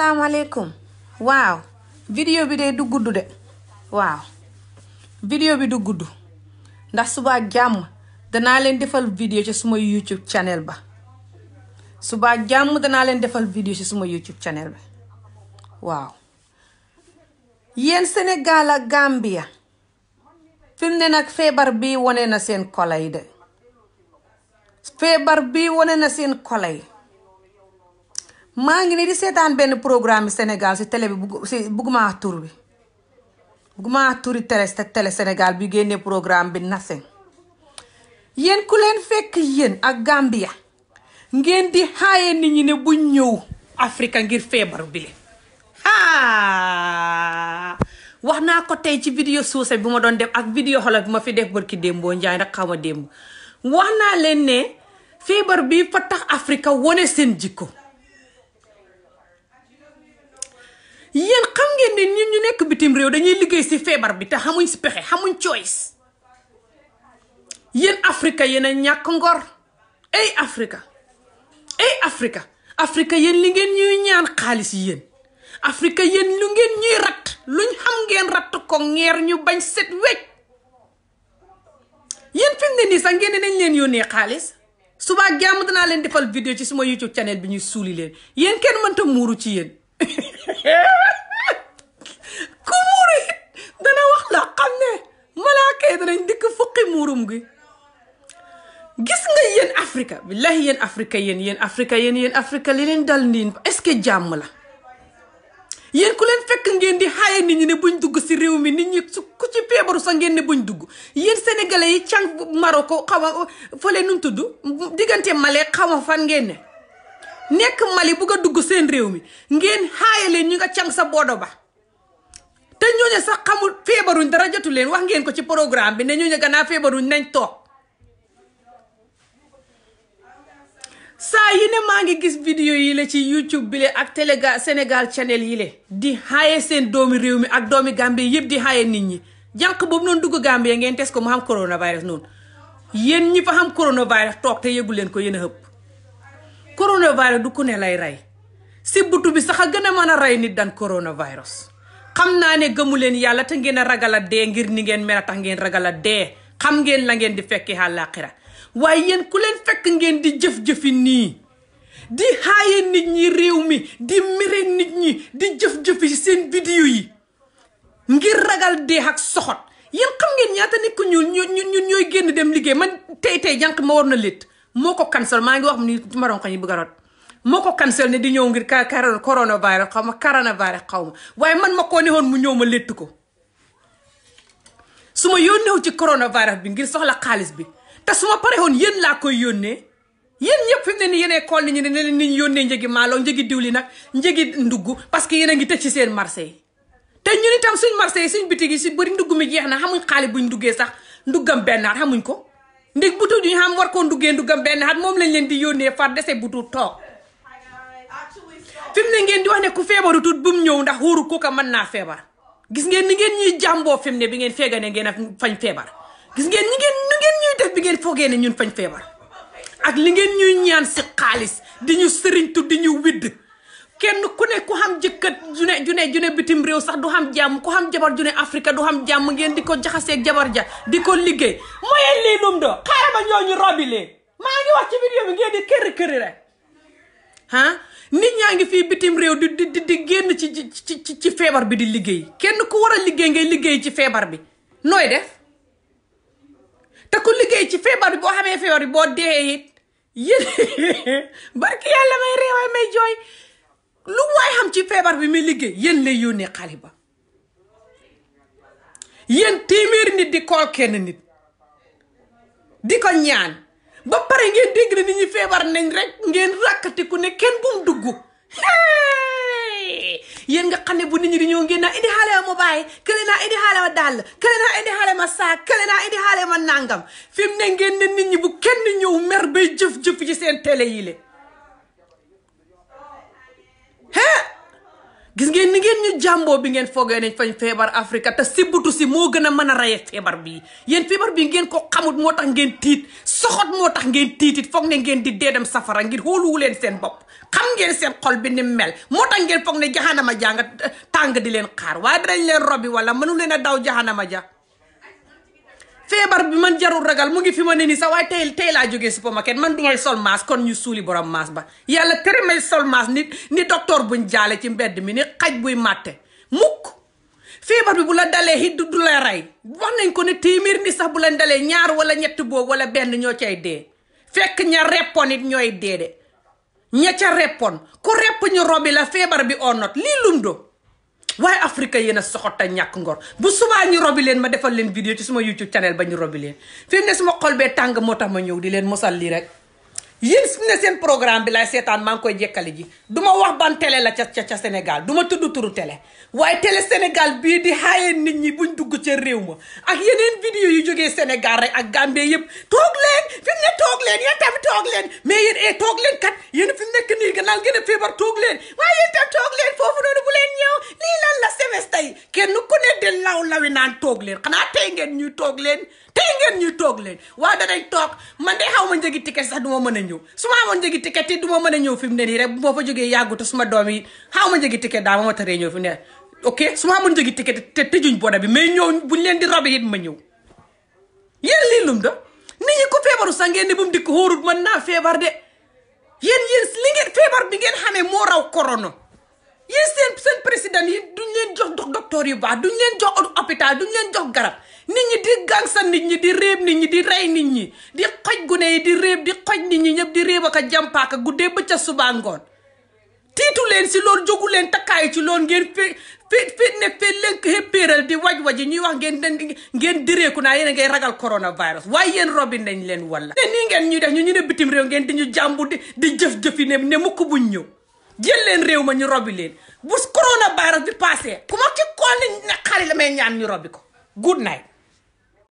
asalaamaaleykum waaw vidéo bi de du gudd de waaw vidéo bi du gudd ndax subaa jàmm danaa leen defal vidéo ca suma youtube channel ba subaa jàmm danaa leen defal vidéo ci suma youtube channel ba waaw yéen Sénégal ak Gambia fi mu ne nag feebar bi wane na seen kola yi de feebar bi wane na seen kola maa ngi nii di seetaan benn programme Sénégal si télé bi bugg si bugguma wax tur bi bugguma wax turi télé télé Sénégal bi génnee programme bi Nothing yéen ku leen fekk yéen ak Gambia ngeen di xaaye nit ñi ne buñ ñëw Afrique ngir feebar bi le wax naa ko tey ci vidéo suuse bi ma doon def ak vidéo xolof bi ma fi def barki démboo njaay nag xaw ma démb wax naa leen ne feebar bi fa tax Afrique wone seen jikko yéen xam ngeen ne ñu nekk bitim réew dañuy liggéey si feebar bi te xamuñ si pexe xamuñ choice yéen Afrika yéen a ñàkk ngor ay Afrika ay Afrika Afrika yéen li ngeen ñuy ñaan xaalis yéen Afrika yéen lu ngeen luñ xam ngeen rat ko ngeer ñu bañ set wecc yéen fi ne nii sax ngeen ne nañ leen yónnee xaalis suba jàmm danaa leen defal vidéo ci suma YouTube channel bi ñuy suuli leen yéen kenn mënta muuru ci yéen ku muuru it dana wax la xam ne malaaka yi fukki muurum gi gis nga yéen Afrique billahi yéen Afrique yéen yéen Afrique yéen yéen Afrique li dal niin est-ce que jàmm la yéen ku leen fekk ngeen di xaaye nit ñi buñ dugg si réew mi nit ñi su ku ci feebaru sax ngeen ne buñ dugg yéen sénégalais yi càng Maroko xaw a fële nu mu tudd xaw fan ngeen nekk Mali bugg a dugg seen réew mi ngeen xaaye leen ñu nga càng sa boodo ba te ñooñu sax xamul feebaruñ dara jotu leen wax ngeen ko ci programme bi ne ñooñu gannaaw feebaruñ nañ toog saa yi ne maa ngi gis vidéo yi la ci YouTube bi le ak Téléga Sénégal channel yi le di xaaye seen doomi réew mi ak doomi Gambie yëpp di xaaye nit ñi jànq boobu noonu dugg Gambie ngeen tes ko mu xam coronavirus noon yéen ñi fa xam coronavirus toog te yëgu leen ko yéen a xëpp coronavirus du ku ne lay rey si butu bi sax a gën a mën a rey nit dan coronavirus xam naa ne gëmu leen yàlla te ngeen a ragal a dee ngir ni ngeen mel a tax ngeen ragal a dee xam ngeen la ngeen di fekkee àllaaxira waaye yéen ku leen fekk ngeen di jëf-jëfi nii di xaaye nit ñi réew mi di mere nit ñi di jëf-jëfi seen vidéo yi ngir ragal dee ak soxot yéen xam ngeen ñaata nit ko ñuul ñooy génn dem liggéey man tey tey jànq ma war na létt moo ko cancel maa ngi wax ni ma doon ko ñu bëgg a moo ko cancel ne di ñëw ngir ka coronavirus xaw ma coronavirus xaw ma waaye man ma koo neexoon mu ñëw ma létt ko su ma yónneewu ci coronavirus bi ngir soxla xaalis bi te su ma pareewoon yéen laa koy yónnee yéen ñëpp fi mu ne nii yéenay kool ni ñu ne leen ni ñu yónnee njëgi maalo njëgi diwli nag njëgi ndugg parce que yéen a ngi tëj ci seen marché yi te ñun itam suñ marché yi suñ bitig yi si bëri ndugg mi jeex na xamuñ xaalis buñ duggee sax nduggam bennaat xamuñ ko ndig butu ñu xam war koon duggee ndugam benn at moom lañ leen di yónnee far dese butu toog fi mu ne ngeen di wax ne ku feebaru tut bu mu ñëw ndax wóoru kooka mën naa feebar gis ngeen ni ngeen ñuy jàmboo fi mu ne bi ngeen feega ne ngeen a fañ feebar gis ngeen ñi ngeen ni ngeen ñuy def bi ngeen foogee ne ñun fañ feebar ak li ngeen ñuy ñaan si xaalis di ñu sëriñtu di ñu widd kenn ku ne ku xam ju june june june bitim réew sax du xam jàmm ku xam jabar june Afrique du xam jàmm ngeen di ko jaxaseeg jabar ja di ko liggéey mooy lii lum do xaaral ba ñooñu ngi wax bi ngeen réew di ci ci feebar bi di liggéey kenn ku war a liggéey ngay liggéey ci feebar bi nooy def te ku liggéey ci feebar bi boo xamee feebar boo dee it yéen yàlla may réewaay may jooy lu waay xam ci feebar bi muy liggéey yéen lay yónnee ba yéen téeméeri nit di kool nit di ko ñaan ba pare ngeen dégg ne nit feebar nañ rek ngeen ràkkati ku ne kenn bu duggu dugg yéen nga xam ne bu nit ñi di ñëw ngeen naa indi xaale ma bàyyi kële naa indi xaale ma dàll kële naa indi xaale ma saak kële naa indi xaale ma nàngam fi ne ngeen ne nit ñi bu kenn ñëw mer bay jëf-jëf ci seen télé yi le gis ngeen ni ngeen ñu jàmboo bi ngeen foogee nañ fañ feebar Afrique te sibutu si moo gën a mën a reye feebar bii yéen feebar bi ngeen ko xamut moo tax ngeen tiit soxot moo tax ngeen tiitit foog ne ngeen di dee dem safara ngir xooluwu leen seen bopp xam ngeen seen xol bi ni mel moo tax ngeen foog ne jaxanama jaa nga tàng di leen xaar waaye dinañ leen robi wala mënu leen a daw jaxanama ja feebar bi man jarul ragal mu ngi fi ma ne nii sax waaye tey tey laa jógee supermarket man du may sol maas kon ñu suuli borom maas ba yàlla tere may sol maas nit ni docteur buñ jaale ci mbedd mi ni xaj buy matte mukk feebar bi bu la dalee it du la rey wax nañ ko ne téeméer ni sax bu leen dalee ñaar wala ñett boobu wala benn ñoo cay dee fekk ña repon ñooy dee de ña ca repon ku repp ñu robi la feebar bi onot lii lum do waaye Afrique yéen a soxota ñàkk ngor bu subaa ñu robi leen ma defal leen vidéo ci suma YouTube channel ba ñu robi leen fi ne suma xol bee tàng moo tax ma ñëw di leen mosal lii rek yéen fi ne seen programme bi laay seetaan maa ngi koy jekkale ji du ma wax ban télé la ca ca ca Sénégal du ma tudd turu télé waaye tele senegal bii di xaayee nit ñi buñ dugg ca réew ma ak yeneen vidéo yu jógee Sénégal rek ak Gambie yëpp toog leen fi mu ne toog leen yéen tamit mais eh, toog leen kat yéen a feebar toog leen di law lawi naan toog leen xanaa tey ngeen ñuy toog leen tey ngeen ñuy toog leen waaye danañ toog man de xaw ma njëgi ticket sax du ma mën a ñëw su ma amoon njëgi ticket yi du ma mën fi mu ne nii rek bu ma fa jógee yàggut su ma doom yi xaw ma njëgi ticket daal ma ma taree ñëw fi mu ne ok su ma amoon njëgi ticket te tëjuñ boda bi mais ñëw buñ leen di robe it ma ñëw yéen lii lum da nit ñi ko feebaru sax ngeen ne bu mu dikk xóorut mën naa feebar de yéen yéen li feebar bi ngeen xamee moo raw korona yéen seen seen président yi duñ leen jox dox docteur yu baax duñ leen jox hôpital duñ leen jox garab nit ñi di gàngsa nit ñi di réeb nit ñi di rey nit ñi di xoj gune yi di réeb di xoj ni ñi ñëpp di réeb ak a jàmpaaka guddee ba ca suba ngoon tiitu leen si lool jogu leen takkaayu ci loolu ngeen fi fi fi ne fi leen péeral di waj waji ñuy wax ngeen den ngeen direeku naa yéen a ngay ragal coronavirus waaye yéen robin nañ leen walla ne nii ngeen ñuy def ñu ñu ne bitim réew ngeen di ñu jàmbu di jëf-jëfi ne ne mukk buñ ñëw jël leen réew ma ñu robbi leen bu coronavirus bi passé ku ma ci kool ni xale la may ñaan ñu robbi ko good night